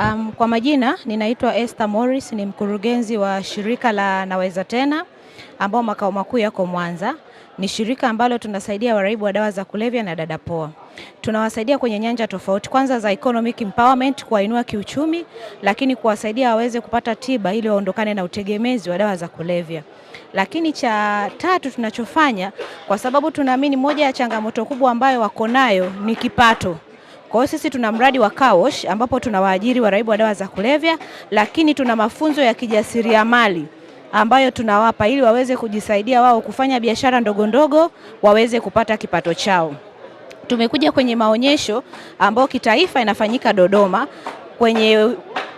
Um, kwa majina ninaitwa Esther Morris, ni mkurugenzi wa shirika la Naweza Tena ambao makao makuu yako Mwanza. Ni shirika ambalo tunasaidia waraibu wa dawa za kulevya na dadapoa. Tunawasaidia kwenye nyanja tofauti, kwanza za economic empowerment, kuwainua kiuchumi, lakini kuwasaidia waweze kupata tiba ili waondokane na utegemezi wa dawa za kulevya. Lakini cha tatu tunachofanya, kwa sababu tunaamini moja ya changamoto kubwa ambayo wako nayo ni kipato kwa hiyo sisi tuna mradi wa Kawosh ambapo tuna waajiri waraibu wa dawa za kulevya, lakini tuna mafunzo ya kijasiriamali ambayo tunawapa ili waweze kujisaidia wao kufanya biashara ndogo ndogo, waweze kupata kipato chao. Tumekuja kwenye maonyesho ambayo kitaifa inafanyika Dodoma kwenye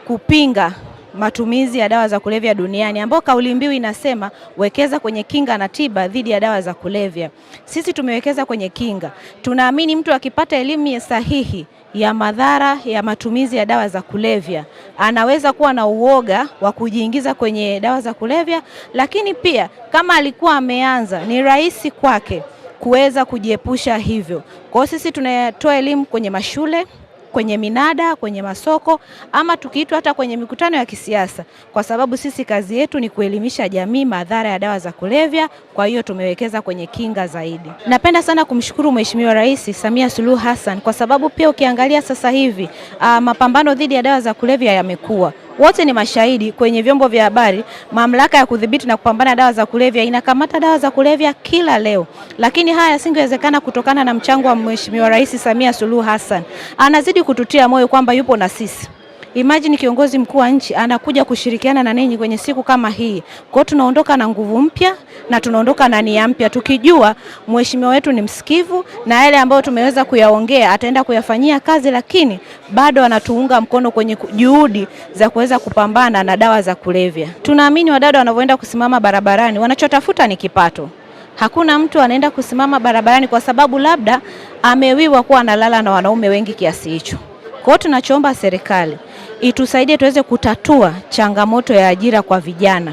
kupinga matumizi ya dawa za kulevya duniani, ambao kauli mbiu inasema wekeza kwenye kinga na tiba dhidi ya dawa za kulevya. Sisi tumewekeza kwenye kinga. Tunaamini mtu akipata elimu sahihi ya madhara ya matumizi ya dawa za kulevya anaweza kuwa na uoga wa kujiingiza kwenye dawa za kulevya, lakini pia kama alikuwa ameanza, ni rahisi kwake kuweza kujiepusha hivyo. Kwa hiyo sisi tunatoa elimu kwenye mashule kwenye minada, kwenye masoko ama tukiitwa hata kwenye mikutano ya kisiasa, kwa sababu sisi kazi yetu ni kuelimisha jamii madhara ya dawa za kulevya. Kwa hiyo tumewekeza kwenye kinga zaidi. Napenda sana kumshukuru Mheshimiwa Rais Samia Suluhu Hassan kwa sababu pia ukiangalia sasa hivi a, ah, mapambano dhidi ya dawa za kulevya yamekuwa wote ni mashahidi kwenye vyombo vya habari. Mamlaka ya kudhibiti na kupambana dawa za kulevya inakamata dawa za kulevya kila leo, lakini haya yasingewezekana kutokana na mchango wa Mheshimiwa Rais Samia Suluhu Hassan. Anazidi kututia moyo kwamba yupo na sisi. Imagine kiongozi mkuu wa nchi anakuja kushirikiana na ninyi kwenye siku kama hii. Kwa hiyo tunaondoka na nguvu mpya na tunaondoka na nia mpya, tukijua mheshimiwa wetu ni msikivu na yale ambayo tumeweza kuyaongea ataenda kuyafanyia kazi, lakini bado anatuunga mkono kwenye juhudi za kuweza kupambana na dawa za kulevya. Tunaamini wadada wanavyoenda kusimama barabarani, wanachotafuta ni kipato. Hakuna mtu anaenda kusimama barabarani kwa sababu labda amewiwa kuwa analala na wanaume wengi kiasi hicho. Kwa hiyo tunachoomba serikali itusaidie tuweze kutatua changamoto ya ajira kwa vijana.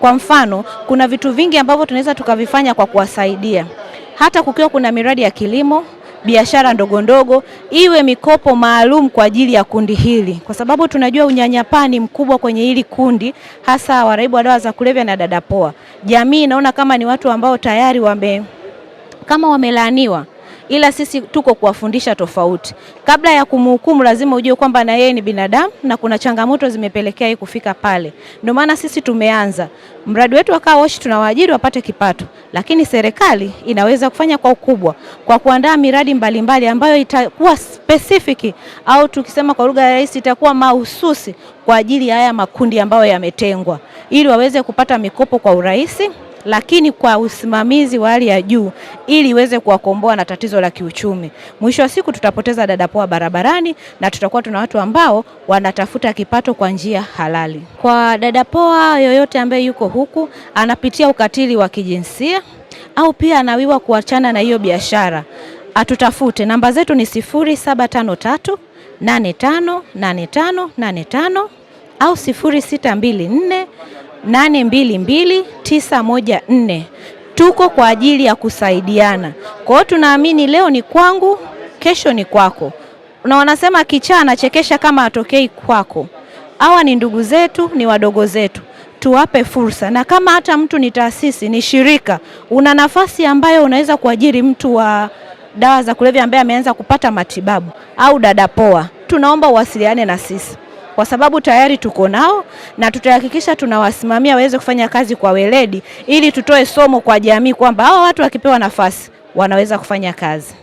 Kwa mfano, kuna vitu vingi ambavyo tunaweza tukavifanya kwa kuwasaidia, hata kukiwa kuna miradi ya kilimo biashara ndogo ndogo, iwe mikopo maalum kwa ajili ya kundi hili, kwa sababu tunajua unyanyapaa ni mkubwa kwenye hili kundi, hasa waraibu wa dawa za kulevya na dadapoa. Jamii inaona kama ni watu ambao tayari wame kama wamelaaniwa ila sisi tuko kuwafundisha tofauti. Kabla ya kumhukumu, lazima ujue kwamba na yeye ni binadamu na kuna changamoto zimepelekea yeye kufika pale. Ndio maana sisi tumeanza mradi wetu wa Car Wash, tunawaajiri wapate kipato, lakini serikali inaweza kufanya kwa ukubwa kwa kuandaa miradi mbalimbali mbali ambayo itakuwa specific au tukisema kwa lugha ya rahisi itakuwa mahususi kwa ajili ya haya makundi ambayo yametengwa, ili waweze kupata mikopo kwa urahisi lakini kwa usimamizi wa hali ya juu ili iweze kuwakomboa na tatizo la kiuchumi. Mwisho wa siku tutapoteza dadapoa barabarani na tutakuwa tuna watu ambao wanatafuta kipato kwa njia halali. Kwa dadapoa yoyote ambaye yuko huku anapitia ukatili wa kijinsia au pia anawiwa kuachana na hiyo biashara, atutafute. Namba zetu ni 0753 858585 au 0624 822 914. Tuko kwa ajili ya kusaidiana. Kwa hiyo tunaamini leo ni kwangu, kesho ni kwako, na wanasema kichaa anachekesha kama atokei kwako. Hawa ni ndugu zetu, ni wadogo zetu, tuwape fursa. Na kama hata mtu ni taasisi, ni shirika, una nafasi ambayo unaweza kuajiri mtu wa dawa za kulevya ambaye ameanza kupata matibabu au dada poa, tunaomba uwasiliane na sisi kwa sababu tayari tuko nao na tutahakikisha tunawasimamia waweze kufanya kazi kwa weledi ili tutoe somo kwa jamii kwamba hao watu wakipewa nafasi wanaweza kufanya kazi.